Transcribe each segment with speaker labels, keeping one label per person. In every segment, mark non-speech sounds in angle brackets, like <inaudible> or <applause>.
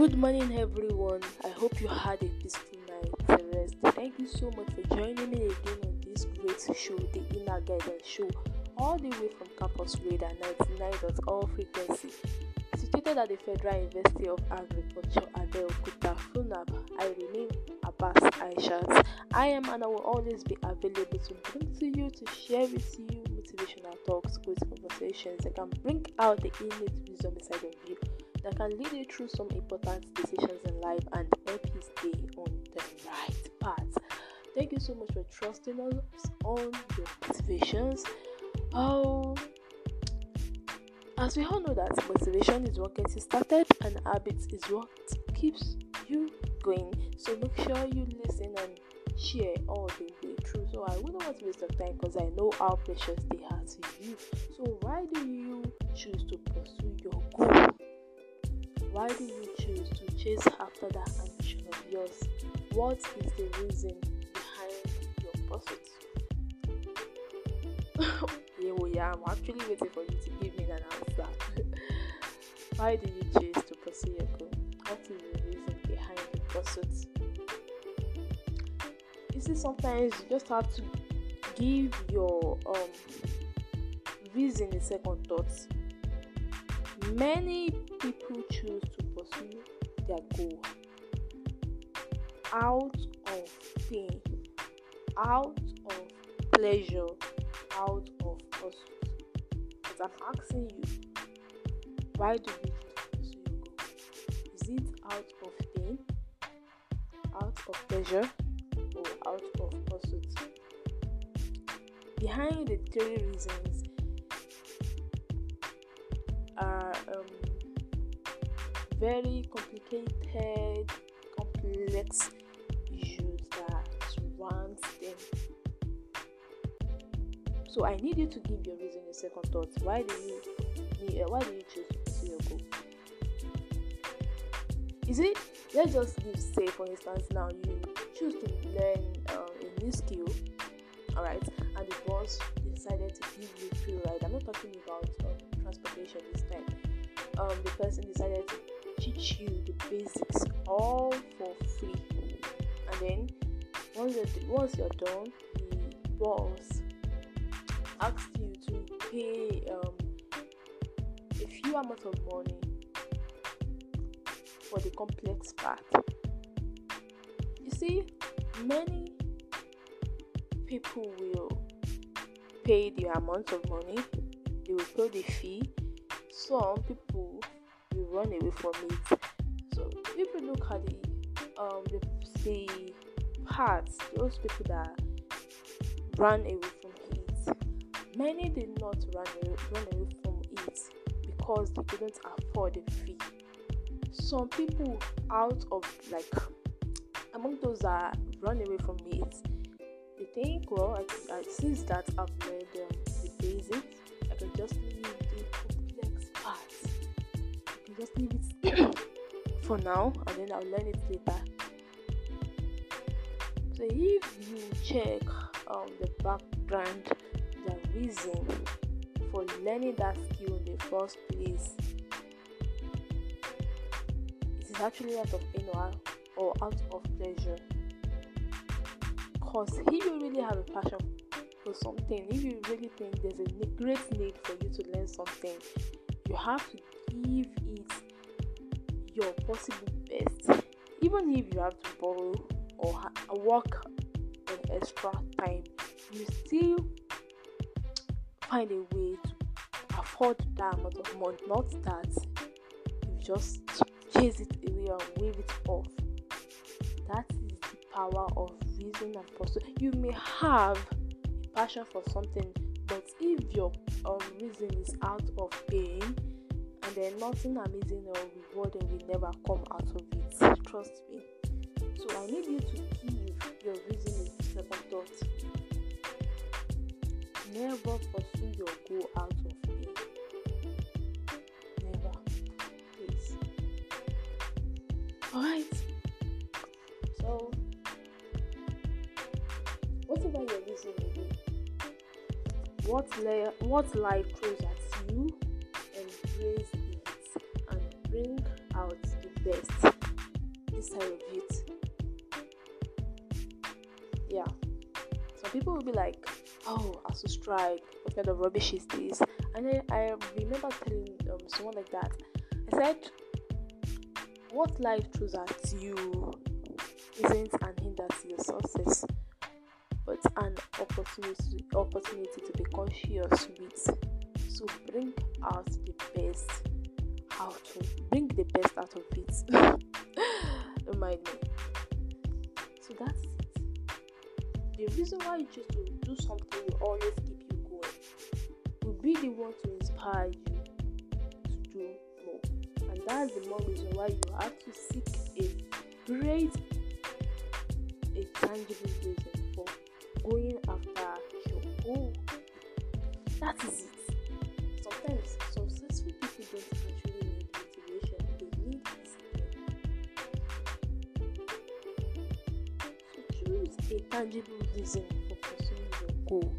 Speaker 1: Good morning, everyone. I hope you had a peaceful night rest. Thank you so much for joining me again on this great show, the Inner Guidance Show, all the way from Campus Radar 99.all frequency. Situated at the Federal University of Agriculture, Abeokuta, FUNAB, I remain Abbas Aishat. I am and I will always be available to bring to you, to share with you motivational talks, great conversations that can bring out the innate wisdom inside of you that can lead you through some important decisions in life and help you stay on the right path. Thank you so much for trusting us on your motivations. Oh, as we all know that motivation is what gets you started and habits is what keeps you going. So make sure you listen and share all the way through. So I wouldn't want to waste your time because I know how precious they are to you. So why do you choose to pursue your goal? Why do you choose to chase after that ambition of yours? What is the reason behind your pursuit? <laughs> yeah, well, yeah, I'm actually waiting for you to give me an answer. <laughs> Why do you choose to pursue your goal? What is the reason behind the pursuit? You see, sometimes you just have to give your um, reason a second thought. Many people choose to pursue their goal out of pain, out of pleasure, out of pursuit. But I'm asking you, why do you choose to pursue your goal? Is it out of pain, out of pleasure, or out of pursuit? Behind the three reasons are um, very complicated, complex issues that surrounds them. So I need you to give your reason a second thought. Why do you uh, why do you choose to pursue your goal? Is it let's just give say for instance now you choose to learn um, a new skill all right and the boss decided to give you free ride i'm not talking about um, transportation this time um, the person decided to teach you the basics all for free. And then once you're, once you're done, the boss asks you to pay um, a few amount of money for the complex part. You see, many people will pay the amount of money, they will pay the fee. Some people run away from it. So if you look at the um the, the parts, those people that ran away from it, many did not run away, run away from it because they couldn't afford the fee. Some people out of like among those that run away from it, they think, well, I, I, since that I've made um, the basics, I can just leave the complex parts just leave it <coughs> for now and then I'll learn it later. So if you check um, the background, the reason for learning that skill in the first place, it is actually out of pain or out of pleasure. Because if you really have a passion for something, if you really think there's a great need for you to learn something, you have to give your possible best, even if you have to borrow or ha- work an extra time, you still find a way to afford that amount of money. Not that you just chase it away and wave it off. That is the power of reason and pursuit. You may have a passion for something, but if your um, reason is out of pain, and then nothing amazing or rewarding will never come out of it. Trust me. So I need you to give your reason a second thought. Never pursue your goal out of me. Never. Please. Alright. So whatever your reason may be, what, le- what life throws at side of it. Yeah. so people will be like, oh, I should strike. What kind of rubbish is this? And I remember telling um, someone like that. I said, what life throws at you isn't an hindrance to your success, but an opportunity, opportunity to be conscious with. So bring out the best out of bring the best out of it. <laughs> me. So that's it. The reason why you choose to do something will always keep you going. Will be the one to inspire you to do more. And that's the more reason why you have to seek a great, a tangible reason for going after your goal. That is it. Sometimes some a tangible reason for pursuing your goal.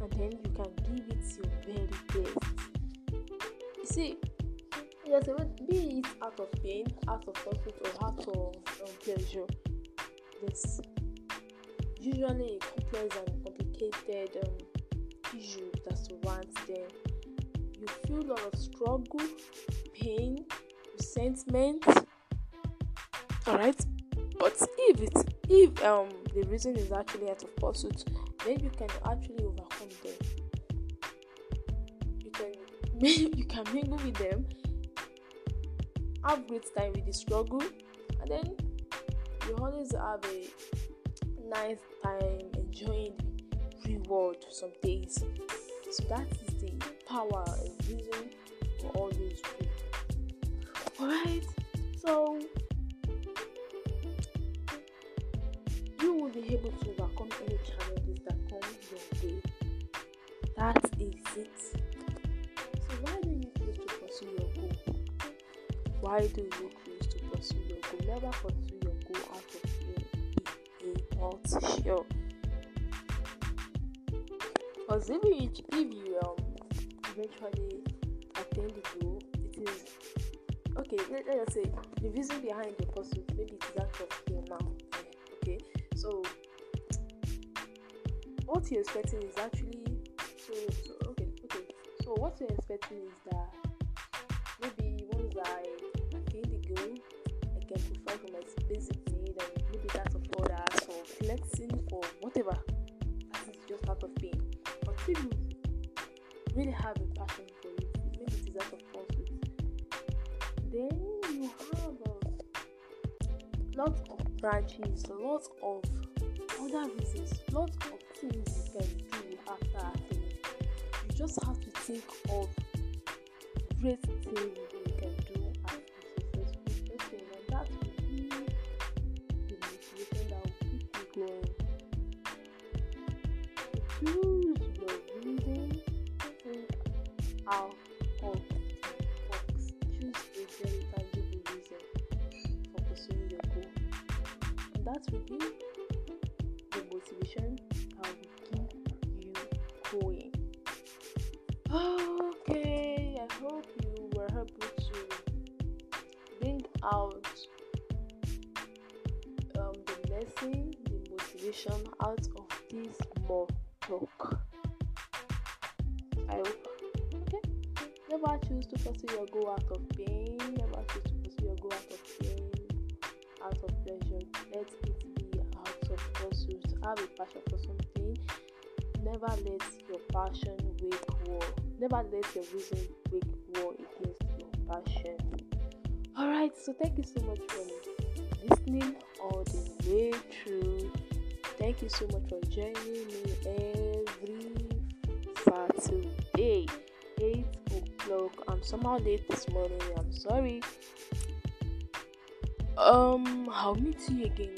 Speaker 1: And then you can give it your very best. You see, yes, be it out of pain, out of profit, or out of um, pleasure, there's usually a complex and complicated um, issue that surrounds them. You feel a lot of struggle, pain, resentment. Alright, but if it, if um the reason is actually out of pursuit, then you can actually overcome them. You can <laughs> you can mingle with them, have great time with the struggle, and then you always have a nice time enjoying the reward some days. So that is the power and reason for all these people. Alright, so you will be able to overcome any challenges that come your way. That is it. So why do you choose to pursue your goal? Why do you choose to pursue your goal? Never pursue your goal out of fear. Be not sure. Because if you, if you um, eventually attain the goal, it is okay. Let, let us say the reason behind the pursuit maybe it's out of fear now. So what you're expecting is actually so, so okay okay. So what you're expecting is that strategies, lot of other reasons, lot of things you can do after academic. You just have to think of great things you can do after successful person, and that will be the motivation that will keep you going. Choose your reason, think out that will be the motivation that will keep you going. Okay, I hope you were able to bring out um, the lesson, the motivation out of this more talk. I hope. Okay. Never choose to pursue your goal out of pain. Never choose to pursue your goal out of pain out of pleasure. Let it be out of pursuit. Have a passion for something. Never let your passion wake war. Never let your reason wake war against your passion. Alright, so thank you so much for listening all the way through. Thank you so much for joining me every Saturday, 8 o'clock. I'm somehow late this morning. I'm sorry. Um, I'll meet you again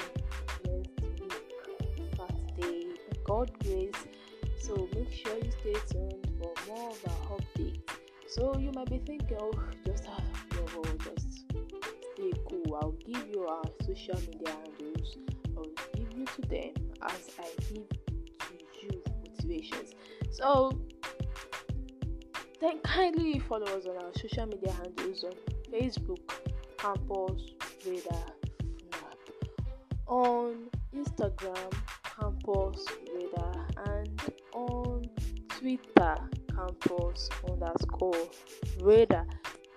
Speaker 1: next day, God grace. So make sure you stay tuned for more of our updates. So you might be thinking, oh, just have your just stay cool. I'll give you our social media handles. I'll give you to them as I give to you motivations. So then kindly follow us on our social media handles on Facebook, Campus, Radar on Instagram Campus Radar and on Twitter Campus underscore Radar.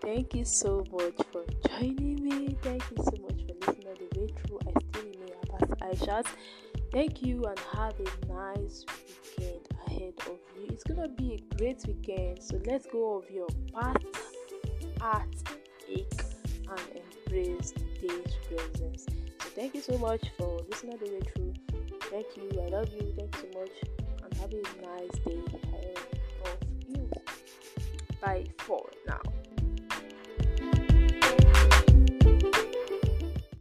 Speaker 1: Thank you so much for joining me. Thank you so much for listening all the way through. I still remain I Aishat. Thank you and have a nice weekend ahead of you. It's gonna be a great weekend, so let's go of your path art embrace this presence. So thank you so much for listening all the way through. Thank you. I love you. Thank you so much. And have a nice day ahead of you. Bye for now.